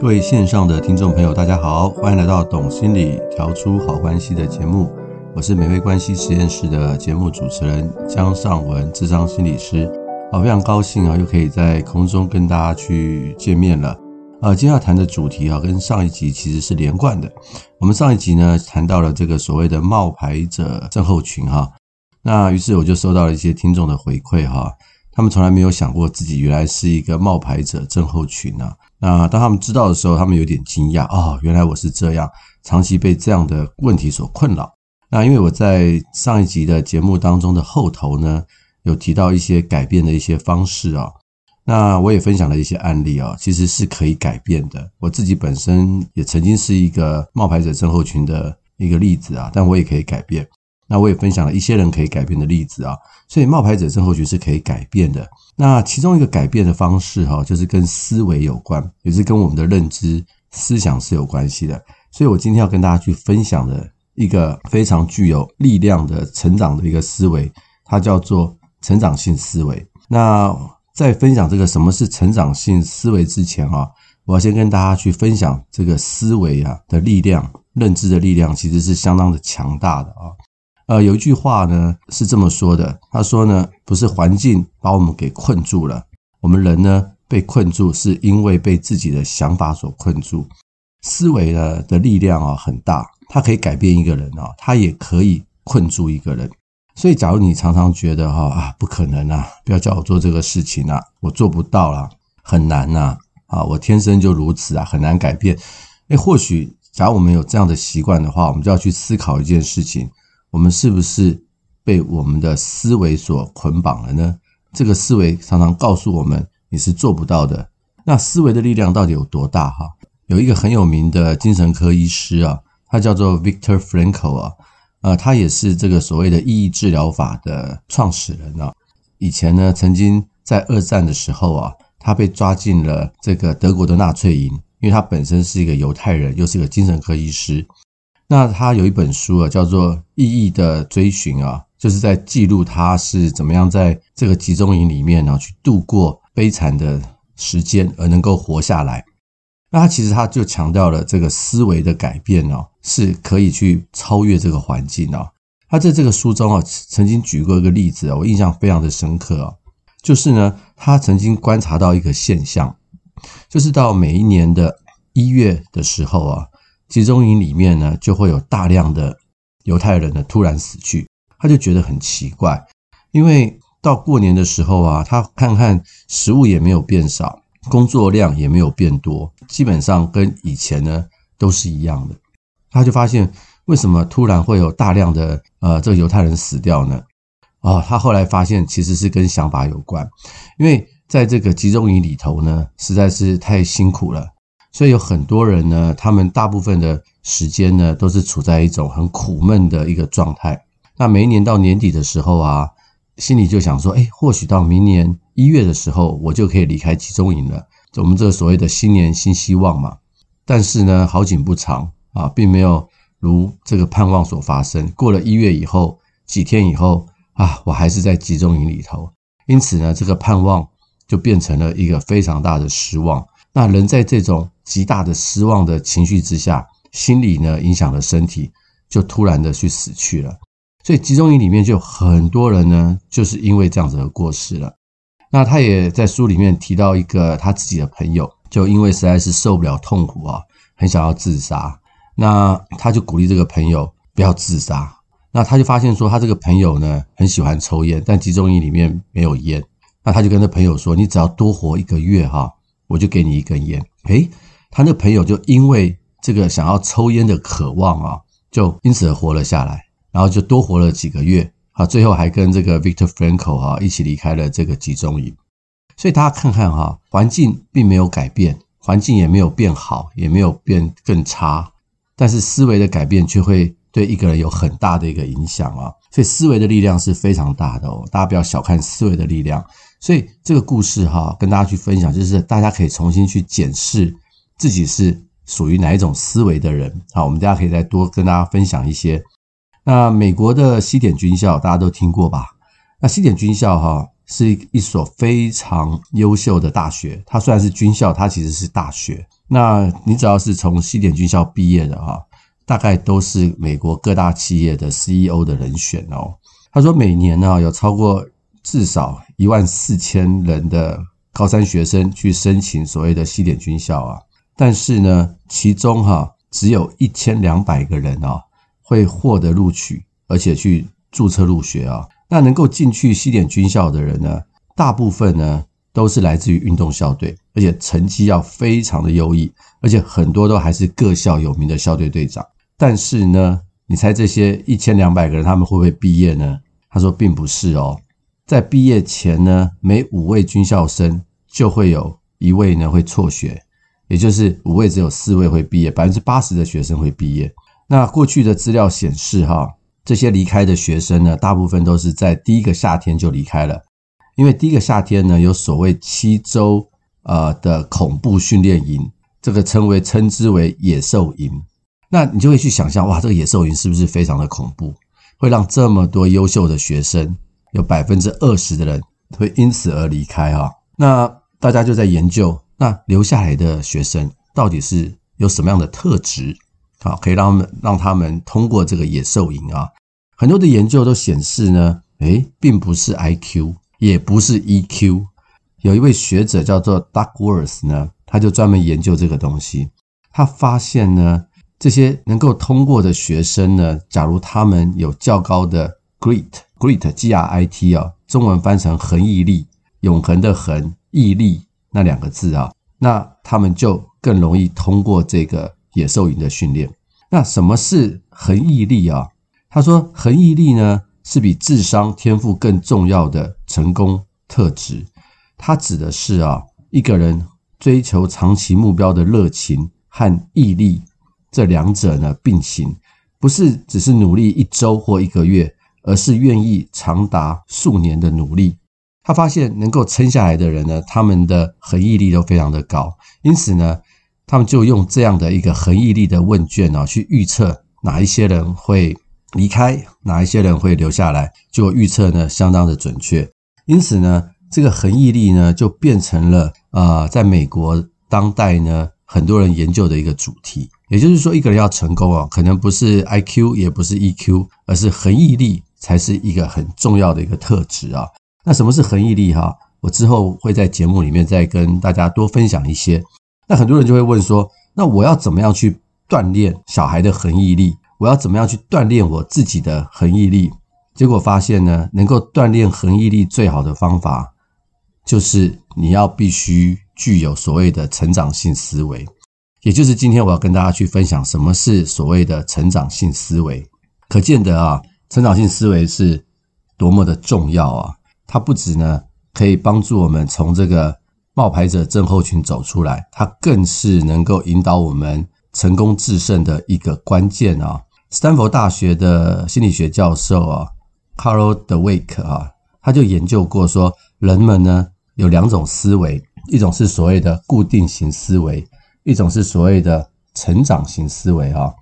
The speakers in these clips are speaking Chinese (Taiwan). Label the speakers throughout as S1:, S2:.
S1: 各位線上的聽眾朋友，大家好，歡迎來到《懂心理調出好關係》的節目，我是美味關係實驗室的節目主持人姜尚文，諮商心理師。啊，非常高興啊，又可以在空中跟大家去見面了。啊、呃，今天要談的主題啊，跟上一集其實是連貫的。我們上一集呢，談到了這個所謂的冒牌者症候群哈、啊。那於是我就收到了一些聽眾的回饋哈、啊，他們從來沒有想過自己原來是一個冒牌者症候群呢、啊。那當他們知道的時候，他們有點驚訝哦，原來我是這樣，長期被這樣的問題所困擾。那因為我在上一集的節目當中的後頭呢，有提到一些改變的一些方式哦，那我也分享了一些案例哦，其實是可以改變的。我自己本身也曾經是一個冒牌者症候群的一個例子啊，但我也可以改變。那我也分享了一些人可以改變的例子啊，所以冒牌者症候群是可以改變的。那其中一個改變的方式哈、啊，就是跟思維有關，也是跟我們的認知、思想是有關係的。所以我今天要跟大家去分享的一個非常具有力量的成長的一個思維，它叫做成長性思維。那在分享這個什麼是成長性思維之前啊，我要先跟大家去分享這個思維啊的力量、認知的力量其實是相當的強大的啊。呃，有一句話呢是這麼說的，他說呢，不是環境把我們給困住了，我們人呢被困住是因為被自己的想法所困住。思維的的力量啊很大，它可以改變一個人啊，它也可以困住一個人。所以，假如你常常覺得哈啊，不可能啊，不要叫我做這個事情啊，我做不到啊，很難吶啊，我天生就如此啊，很難改變。誒，或許假如我們有這樣的習慣的話，我們就要去思考一件事情。我們是不是被我們的思維所捆綁了呢？這個思維常常告訴我們你是做不到的。那思維的力量到底有多大？哈，有一個很有名的精神科醫師啊，他叫做 Viktor Frankl 啊，呃，他也是這個所謂的意義治療法的創始人啊。以前呢，曾經在二戰的時候啊，他被抓進了這個德國的納粹營，因為他本身是一個猶太人，又是一個精神科醫師。那他有一本書啊，叫做《意義的追尋》啊，就是在記錄他是怎麼樣在這個集中營裡面呢、啊，去度過悲慘的時間而能夠活下來。那他其實他就強調了這個思維的改變哦、啊，是可以去超越這個環境、啊。他在這個書中啊，曾經舉過一個例子啊，我印象非常的深刻、啊。就是呢，他曾經觀察到一個現象，就是到每一年的一月的時候啊。集中營裡面呢，就會有大量的猶太人呢突然死去，他就覺得很奇怪，因為到過年的時候啊，他看看食物也沒有變少，工作量也沒有變多，基本上跟以前呢都是一樣的，他就發現為什麼突然會有大量的呃這個猶太人死掉呢？啊、哦，他後來發現其實是跟想法有關，因為在這個集中營裡頭呢，實在是太辛苦了。所以有很多人呢，他們大部分的時間呢，都是處在一種很苦悶的一個狀態。那每一年到年底的時候啊，心裡就想說，哎，或許到明年一月的時候，我就可以離開集中營了。我們這所謂的新年新希望嘛。但是呢，好景不長啊，並沒有如這個盼望所發生。過了一月以後，幾天以後啊，我還是在集中營裡頭。因此呢，這個盼望就變成了一個非常大的失望。那人在這種極大的失望的情緒之下，心理呢影響了身體，就突然的去死去了。所以集中營裡面就很多人呢，就是因為這樣子而過世了。那他也在書裡面提到一個他自己的朋友，就因為實在是受不了痛苦啊，很想要自殺。那他就鼓勵這個朋友不要自殺。那他就發現說，他這個朋友呢很喜歡抽菸，但集中營裡面沒有菸。那他就跟他朋友說：“你只要多活一個月哈。”我就給你一根煙誒，誒，他那朋友就因為這個想要抽煙的渴望啊，就因此活了下來，然後就多活了幾個月，啊，最後還跟這個 Victor Frankl 啊一起離開了這個集中營。所以大家看看哈、啊，環境並沒有改變，環境也沒有變好，也沒有變更差，但是思維的改變卻會對一個人有很大的一個影響啊。所以思維的力量是非常大的哦，大家不要小看思維的力量。所以這個故事哈、哦，跟大家去分享，就是大家可以重新去檢視自己是屬於哪一種思維的人。好，我們大家可以再多跟大家分享一些。那美國的西點軍校大家都聽過吧？那西點軍校哈是一所非常優秀的大學，它雖然是軍校，它其實是大學。那你只要是從西點軍校畢業的哈，大概都是美國各大企業的 CEO 的人選哦。他說每年呢有超過。至少一萬四千人的高三學生去申請所謂的西點軍校啊，但是呢，其中哈，啊，只有一千兩百個人哦，啊，會獲得錄取，而且去註冊入學啊。那能夠進去西點軍校的人呢，大部分呢都是來自於運動校隊，而且成績要非常的優異，而且很多都還是各校有名的校隊隊長。但是呢，你猜這些一千兩百個人他們會不會畢業呢？他說並不是哦。在畢業前呢，每五位軍校生就會有一位呢會輟學，也就是五位只有四位會畢業，百分之八十的學生會畢業。那過去的資料顯示，哈，這些離開的學生呢，大部分都是在第一個夏天就離開了，因為第一個夏天呢有所謂七周啊，呃，的恐怖訓練營，這個稱為稱之為野獸營。那你就會去想象，哇，這個野獸營是不是非常的恐怖，會讓這麼多優秀的學生？有百分之二十的人會因此而離開啊、哦！那大家就在研究，那留下來的學生到底是有什麼樣的特質好，可以讓他們讓他們通過這個野獸營啊、哦？很多的研究都顯示呢，誒，並不是 IQ，也不是 EQ。有一位學者叫做 Duckworth 呢，他就專門研究這個東西。他發現呢，這些能夠通過的學生呢，假如他們有較高的 Grit Great, G-R-I-T 啊，中文翻成恆毅力，永恆的恆毅力那兩個字啊、哦，那他們就更容易通過這個野獸營的訓練。那什麼是恆毅力啊、哦？他說，恆毅力呢是比智商天賦更重要的成功特質。它指的是啊、哦，一個人追求長期目標的熱情和毅力這兩者呢並行，不是只是努力一周或一個月。而是願意長達數年的努力，他發現能夠撐下來的人呢，他們的恆毅力都非常的高，因此呢，他們就用這樣的一個恆毅力的問卷呢、啊，去預測哪一些人會離開，哪一些人會留下來，就預測呢相當的準確。因此呢，這個恆毅力呢，就變成了啊、呃，在美國當代呢，很多人研究的一個主題。也就是說，一個人要成功哦、啊，可能不是 IQ，也不是 EQ，而是恆毅力。才是一個很重要的一個特質啊！那什麼是恆毅力哈、啊？我之後會在節目裡面再跟大家多分享一些。那很多人就會問說：那我要怎麼樣去鍛鍊小孩的恆毅力？我要怎麼樣去鍛鍊我自己的恆毅力？結果發現呢，能夠鍛鍊恆毅力最好的方法，就是你要必須具有所謂的成長性思維，也就是今天我要跟大家去分享什麼是所謂的成長性思維。可見得啊。成長性思維是多麼的重要啊！它不只呢，可以幫助我們從這個冒牌者症候群走出來，它更是能夠引導我們成功致勝的一個關鍵啊！史丹佛大學的心理學教授啊，Carol Dweck 啊，他就研究過說，人們呢有兩種思維，一種是所謂的固定型思維，一種是所謂的成長型思維啊。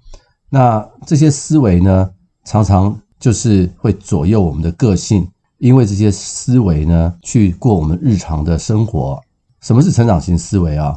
S1: 那這些思維呢，常常就是會左右我們的個性，因為這些思維呢，去過我們日常的生活。什麼是成長型思維啊？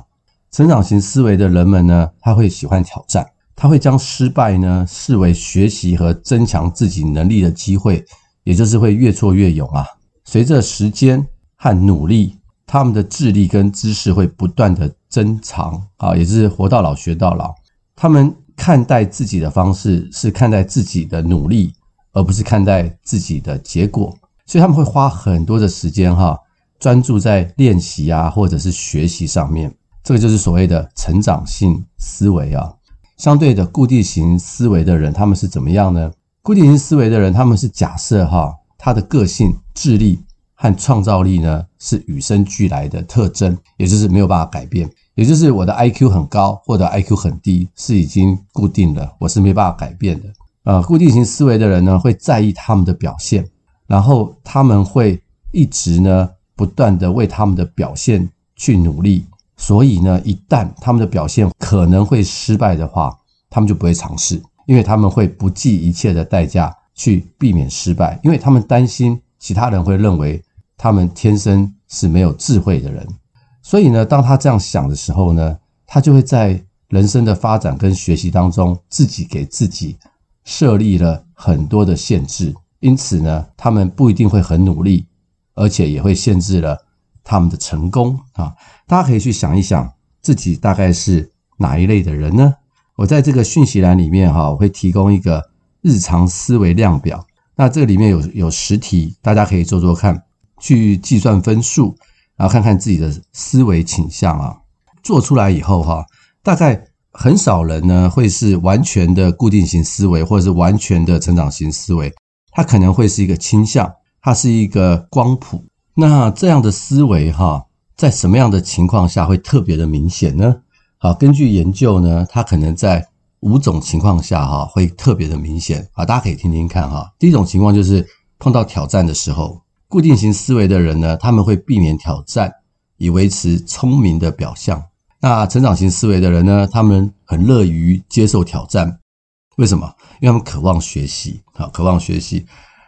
S1: 成長型思維的人們呢，他會喜歡挑戰，他會將失敗呢視為學習和增強自己能力的機會，也就是會越挫越勇啊。隨着時間和努力，他們的智力跟知識會不斷的增長啊，也是活到老學到老。他們看待自己的方式是看待自己的努力。而不是看待自己的結果，所以他們會花很多的時間哈，專注在練習啊，或者是學習上面。這個就是所謂的成長型思維啊。相對的，固定型思維的人他們是怎麼樣呢？固定型思維的人他們是假設哈，他的個性、智力和創造力呢是與生俱來的特徵，也就是沒有辦法改變。也就是我的 IQ 很高或者 IQ 很低是已經固定的，我是沒辦法改變的。呃，固定型思維的人呢，會在意他們的表現，然後他們會一直呢不斷的為他們的表現去努力，所以呢，一旦他們的表現可能會失敗的話，他們就不會嘗試，因為他們會不計一切的代價去避免失敗，因為他們擔心其他人會認為他們天生是沒有智慧的人，所以呢，當他這樣想的時候呢，他就會在人生的發展跟學習當中，自己給自己。設立了很多的限制，因此呢，他們不一定會很努力，而且也會限制了他們的成功啊。大家可以去想一想，自己大概是哪一類的人呢？我在這個訊息欄裡面哈，我會提供一個日常思維量表，那這裡面有有十題，大家可以做做看，去計算分數，然後看看自己的思維傾向啊。做出來以後哈，大概。很少人呢會是完全的固定型思維，或者是完全的成長型思維，它可能會是一個傾向，它是一個光譜。那這樣的思維哈，在什麼樣的情況下會特別的明顯呢？好，根據研究呢，它可能在五種情況下哈會特別的明顯啊，大家可以聽聽看哈。第一種情況就是碰到挑戰的時候，固定型思維的人呢，他們會避免挑戰，以維持聰明的表象。那成長型思維的人呢，他們很樂於接受挑戰，為什麼？因為他們渴望學習啊，渴望學習。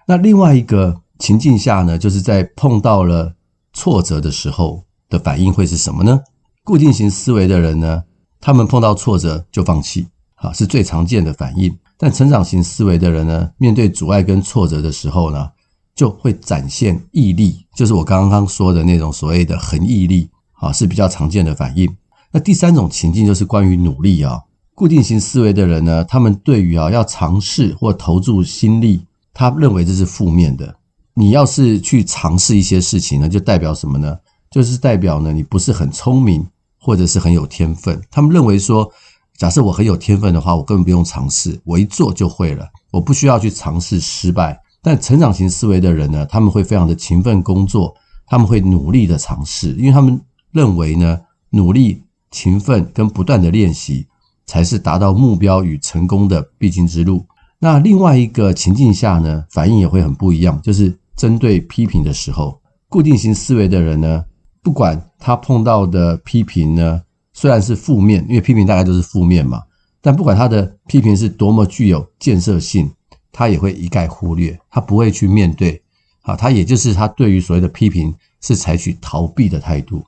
S1: 那另外一個情境下呢，就是在碰到了挫折的時候的反應會是什麼呢？固定型思維的人呢，他們碰到挫折就放棄啊，是最常見的反應。但成長型思維的人呢，面對阻礙跟挫折的時候呢，就會展現毅力，就是我剛剛說的那種所謂的恆毅力啊，是比較常見的反應。那第三種情境就是關於努力啊、哦，固定型思維的人呢，他們對於啊要嘗試或投注心力，他認為這是負面的。你要是去嘗試一些事情呢，就代表什麼呢？就是代表呢你不是很聰明，或者是很有天分。他們認為說，假設我很有天分的話，我根本不用嘗試，我一做就會了，我不需要去嘗試失敗。但成長型思維的人呢，他們會非常的勤奮工作，他們會努力的嘗試，因為他們認為呢努力。勤奮跟不斷的練習，才是達到目標與成功的必經之路。那另外一個情境下呢，反應也會很不一樣。就是針對批評的時候，固定型思維的人呢，不管他碰到的批評呢，雖然是負面，因為批評大概都是負面嘛，但不管他的批評是多麼具有建設性，他也會一概忽略，他不會去面對。啊，他也就是他對於所謂的批評是採取逃避的態度。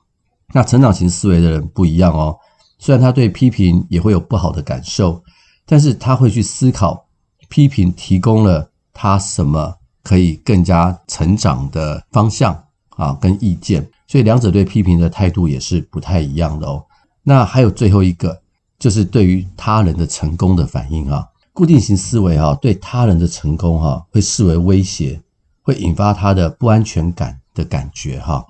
S1: 那成長型思維的人不一樣哦，雖然他對批評也會有不好的感受，但是他會去思考批評提供了他什麼可以更加成長的方向啊，跟意見。所以兩者對批評的態度也是不太一樣的哦。那還有最後一個，就是對於他人的成功的反應啊，固定型思維啊，對他人的成功啊，會視為威脅，會引發他的不安全感的感覺啊。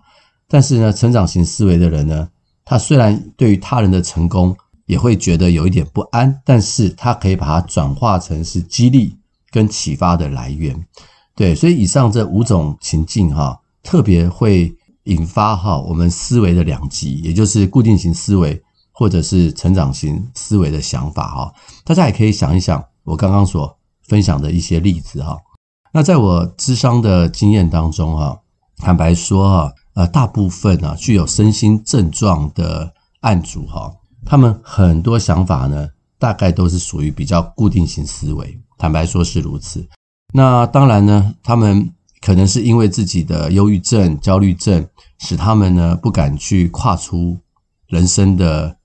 S1: 但是呢，成長型思維的人呢，他雖然對於他人的成功也會覺得有一點不安，但是他可以把它轉化成是激勵跟啟發的來源。對，所以以上這五種情境哈，特別會引發哈我們思維的兩極，也就是固定型思維或者是成長型思維的想法哈。大家也可以想一想我剛剛所分享的一些例子哈。那在我諮商的經驗當中哈，坦白說哈。呃，大部分啊，具有身心症狀的案主哈，他們很多想法呢，大概都是屬於比較固定型思維。坦白說是如此。那當然呢，他們可能是因為自己的憂鬱症、焦慮症，使他們呢不敢去跨出人生的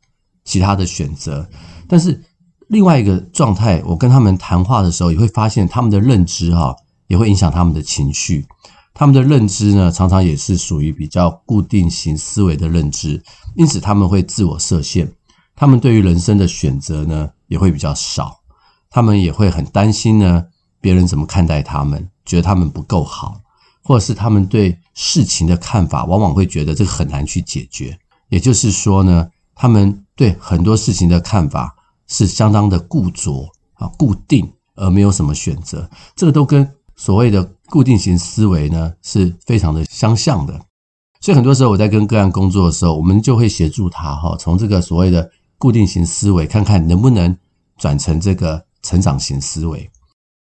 S1: 其他的選擇。但是另外一個狀態，我跟他們談話的時候，也會發現他們的認知哈，也會影響他們的情緒。他們的認知呢，常常也是屬於比較固定型思維的認知，因此他們會自我設限。他們對於人生的選擇呢，也會比較少。他們也會很擔心呢，別人怎麼看待他們，覺得他們不夠好，或者是他們對事情的看法，往往會覺得這個很難去解決。也就是說呢，他們對很多事情的看法是相當的固着啊、固定，而沒有什麼選擇。這個都跟所謂的固定型思維呢，是非常的相像的，所以很多時候我在跟個案工作的時候，我們就會協助他哈、哦，從這個所謂的固定型思維，看看能不能轉成這個成長型思維。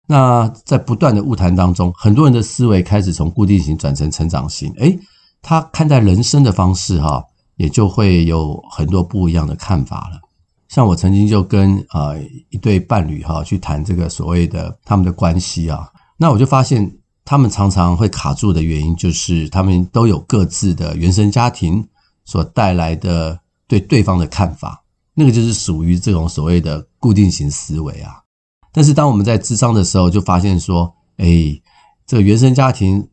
S1: 那在不斷的晤談當中，很多人的思維開始從固定型轉成成長型，誒他看待人生的方式哈、哦，也就會有很多不一樣的看法了。像我曾經就跟啊、呃、一對伴侶哈、哦，去談這個所謂的他們的關係啊。那我就發現，他們常常會卡住的原因，就是他們都有各自的原生家庭所帶來的對對方的看法，那個就是屬於這種所謂的固定型思維啊。但是當我們在諮商的時候，就發現說，哎，這個原生家庭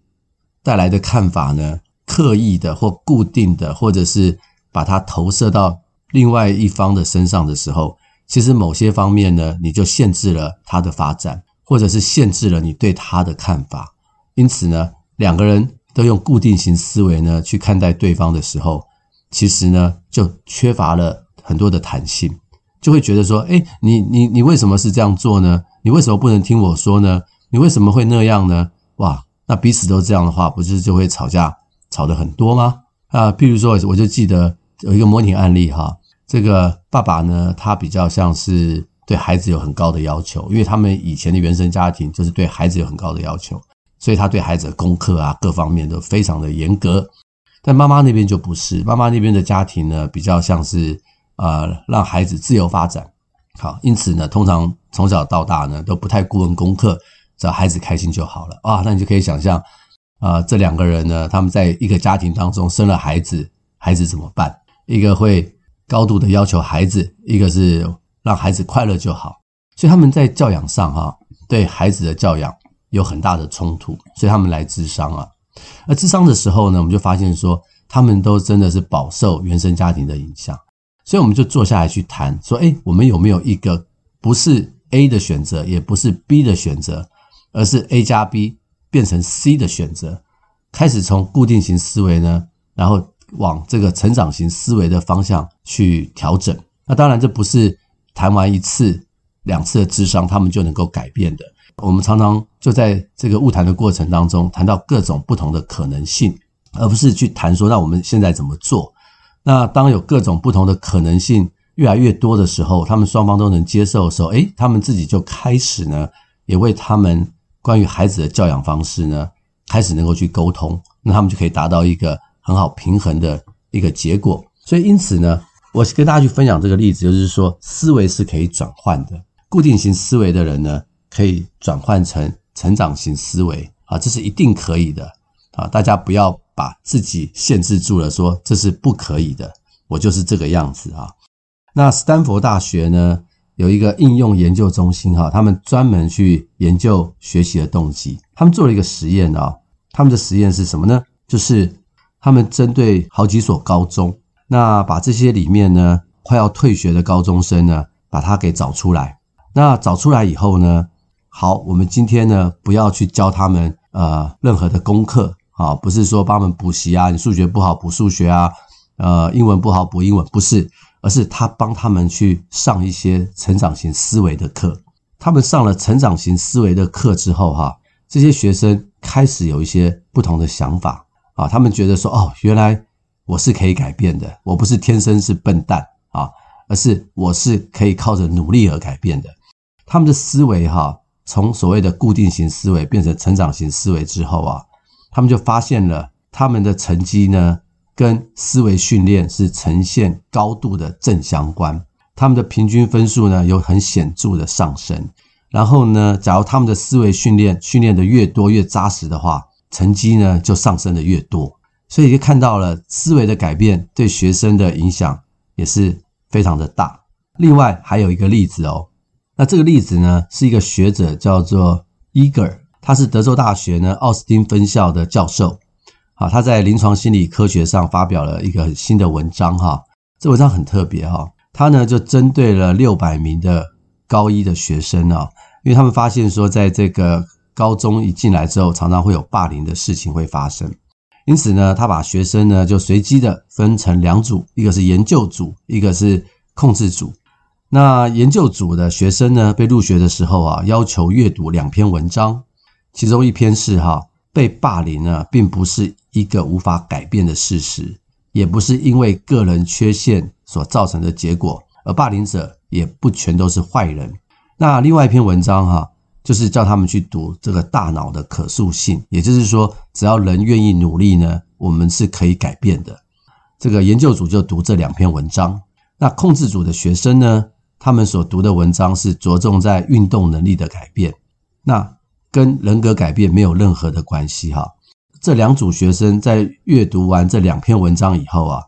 S1: 帶來的看法呢，刻意的或固定的，或者是把它投射到另外一方的身上的時候，其實某些方面呢，你就限制了它的發展。或者是限制了你對他的看法，因此呢，兩個人都用固定型思維呢去看待對方的時候，其實呢就缺乏了很多的彈性，就會覺得說，哎，你你你為什麼是這樣做呢？你為什麼不能聽我說呢？你為什麼會那樣呢？哇，那彼此都這樣的話，不是就會吵架，吵得很多嗎？啊，譬如說，我就記得有一個模擬案例哈，這個爸爸呢，他比較像是。對孩子有很高的要求，因為他們以前的原生家庭就是對孩子有很高的要求，所以他對孩子的功課啊、各方面都非常的嚴格。但媽媽那邊就不是，媽媽那邊的家庭呢比較像是啊、呃、讓孩子自由發展。好，因此呢，通常從小到大呢都不太顧問功課，只要孩子開心就好了啊。那你就可以想象啊、呃、這兩個人呢，他們在一個家庭當中生了孩子，孩子怎麼辦？一個會高度的要求孩子，一個是。讓孩子快樂就好，所以他們在教養上哈、啊，對孩子的教養有很大的衝突，所以他們來諮商啊，而諮商的時候呢，我們就發現說他們都真的是飽受原生家庭的影響，所以我們就坐下來去談說，誒，我們有沒有一個不是 A 的選擇，也不是 B 的選擇，而是 A 加 B 變成 C 的選擇，開始從固定型思維呢，然後往這個成長型思維的方向去調整，那當然這不是。談完一次、兩次的諮商，他們就能夠改變的。我們常常就在這個晤談的過程當中，談到各種不同的可能性，而不是去談說那我們現在怎麼做。那當有各種不同的可能性越來越多的時候，他們雙方都能接受的時候，誒，他們自己就開始呢，也為他們關於孩子的教養方式呢，開始能夠去溝通，那他們就可以達到一個很好平衡的一個結果。所以，因此呢。我跟大家去分享這個例子，就是說思維是可以轉換的，固定型思維的人呢，可以轉換成成長型思維啊，這是一定可以的啊！大家不要把自己限制住了，說這是不可以的，我就是這個樣子啊。那史丹佛大學呢，有一個應用研究中心哈，他們專門去研究學習的動機，他們做了一個實驗啊，他們的實驗是什麼呢？就是他們針對好幾所高中。那把這些裡面呢，快要退學的高中生呢，把他給找出來。那找出來以後呢，好，我們今天呢，不要去教他們呃任何的功課啊、哦，不是說幫他們補習啊，你數學不好補數學啊，呃，英文不好補英文，不是，而是他幫他們去上一些成長型思維的課。他們上了成長型思維的課之後哈、啊，這些學生開始有一些不同的想法啊，他們覺得說，哦，原來。我是可以改變的，我不是天生是笨蛋啊，而是我是可以靠着努力而改變的。他們的思維哈，啊，從所謂的固定型思維變成成長型思維之後啊，他們就發現了他們的成績呢，跟思維訓練是呈現高度的正相關。他們的平均分數呢，有很顯著的上升。然後呢，假如他們的思維訓練訓練的越多越扎實的話，成績呢就上升的越多。所以就看到了思維的改變對學生的影響也是非常的大。另外還有一個例子哦，那這個例子呢是一個學者叫做伊格爾，他是德州大學呢奧斯汀分校的教授。啊，他在臨床心理科學上發表了一個很新的文章哈，這文章很特別哈，他呢就針對了六百名的高一的學生啊，因為他們發現說，在這個高中一進來之後，常常會有霸凌的事情會發生。因此呢，他把學生呢就隨機的分成兩組，一個是研究組，一個是控制組。那研究組的學生呢被入學的時候啊，要求閱讀兩篇文章，其中一篇是哈被霸凌呢，並不是一個無法改變的事實，也不是因為個人缺陷所造成的結果，而霸凌者也不全都是壞人。那另外一篇文章哈、啊。就是叫他們去讀這個大腦的可塑性，也就是說，只要人願意努力呢，我們是可以改變的。這個研究組就讀這兩篇文章，那控制組的學生呢，他們所讀的文章是着重在運動能力的改變，那跟人格改變沒有任何的關係哈。這兩組學生在閱讀完這兩篇文章以後啊，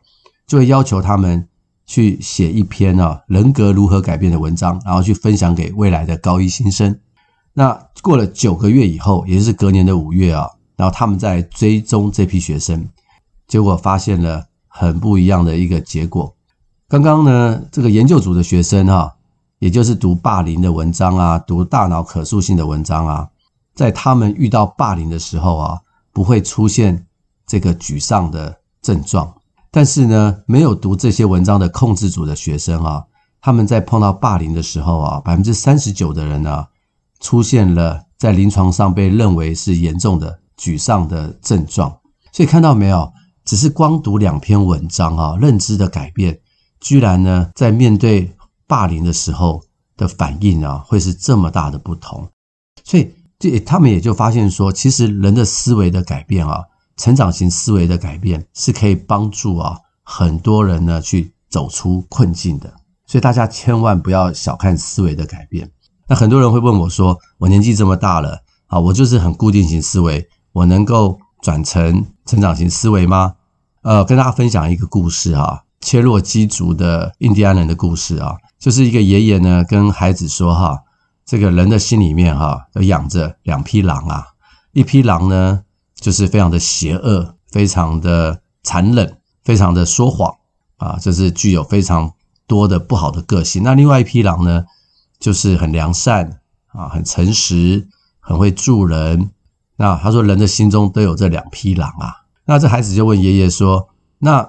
S1: 就會要求他們去寫一篇啊人格如何改變的文章，然後去分享給未來的高一新生。那過了九個月以後，也就是隔年的五月啊，然後他們在追蹤這批學生，結果發現了很不一樣的一個結果。剛剛呢，這個研究組的學生啊，也就是讀霸凌的文章啊，讀大腦可塑性的文章啊，在他們遇到霸凌的時候啊，不會出現這個沮喪的症狀。但是呢，沒有讀這些文章的控制組的學生啊，他們在碰到霸凌的時候啊，百分之三十九的人呢，啊。出現了在臨床上被認為是嚴重的沮喪的症狀，所以看到沒有，只是光讀兩篇文章啊，認知的改變，居然呢在面對霸凌的時候的反應啊，會是這麼大的不同，所以這他們也就發現說，其實人的思維的改變啊，成長型思維的改變是可以幫助啊很多人呢去走出困境的，所以大家千萬不要小看思維的改變。那很多人會問我說：“我年紀這麼大了，啊，我就是很固定型思維，我能夠轉成成長型思維嗎？”呃，跟大家分享一個故事哈、啊，切諾基族的印第安人的故事啊，就是一個爺爺呢跟孩子說哈、啊，這個人的心裡面哈、啊，要養着兩匹狼啊，一匹狼呢就是非常的邪惡，非常的殘忍，非常的說謊啊，就是具有非常多的不好的個性。那另外一匹狼呢？就是很良善啊，很誠實，很會助人。那他說人的心中都有這兩匹狼啊。那這孩子就問爺爺說：“那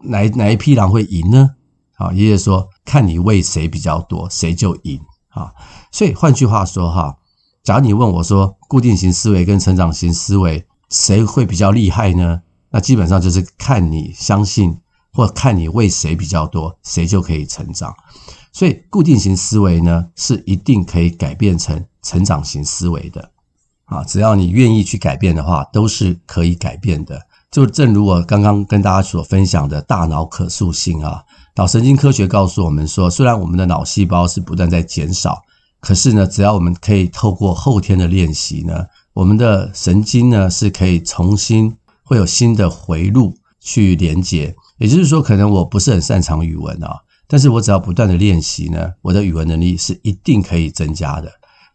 S1: 哪哪一匹狼會贏呢？”啊，爺爺說：“看你餵誰比較多，誰就贏啊。”所以換句話說哈，假如你問我說，固定型思維跟成長型思維誰會比較厲害呢？那基本上就是看你相信或看你餵誰比較多，誰就可以成長。所以，固定型思維呢，是一定可以改變成成長型思維的啊！只要你願意去改變的話，都是可以改變的。就正如我剛剛跟大家所分享的大腦可塑性啊，腦神經科學告訴我們說，雖然我們的腦細胞是不斷在減少，可是呢，只要我們可以透過後天的練習呢，我們的神經呢是可以重新會有新的回路去連接。也就是說，可能我不是很擅長語文啊。但是我只要不斷的練習呢，我的語文能力是一定可以增加的。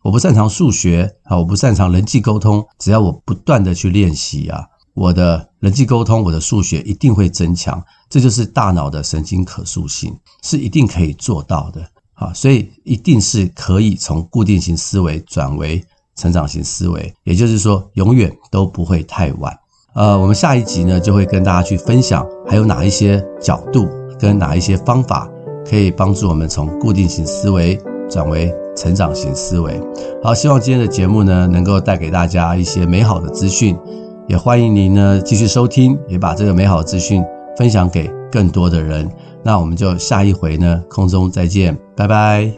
S1: 我不擅長數學啊，我不擅長人際溝通，只要我不斷的去練習啊，我的人際溝通，我的數學一定會增強。這就是大腦的神經可塑性，是一定可以做到的。啊，所以一定是可以從固定型思維轉為成長型思維，也就是說，永遠都不會太晚。呃，我們下一集呢，就會跟大家去分享還有哪一些角度跟哪一些方法。可以幫助我們從固定型思維轉為成長型思維。好，希望今天的節目呢，能夠帶給大家一些美好的資訊，也歡迎您呢繼續收聽，也把這個美好的資訊分享給更多的人。那我們就下一回呢，空中再見，拜拜。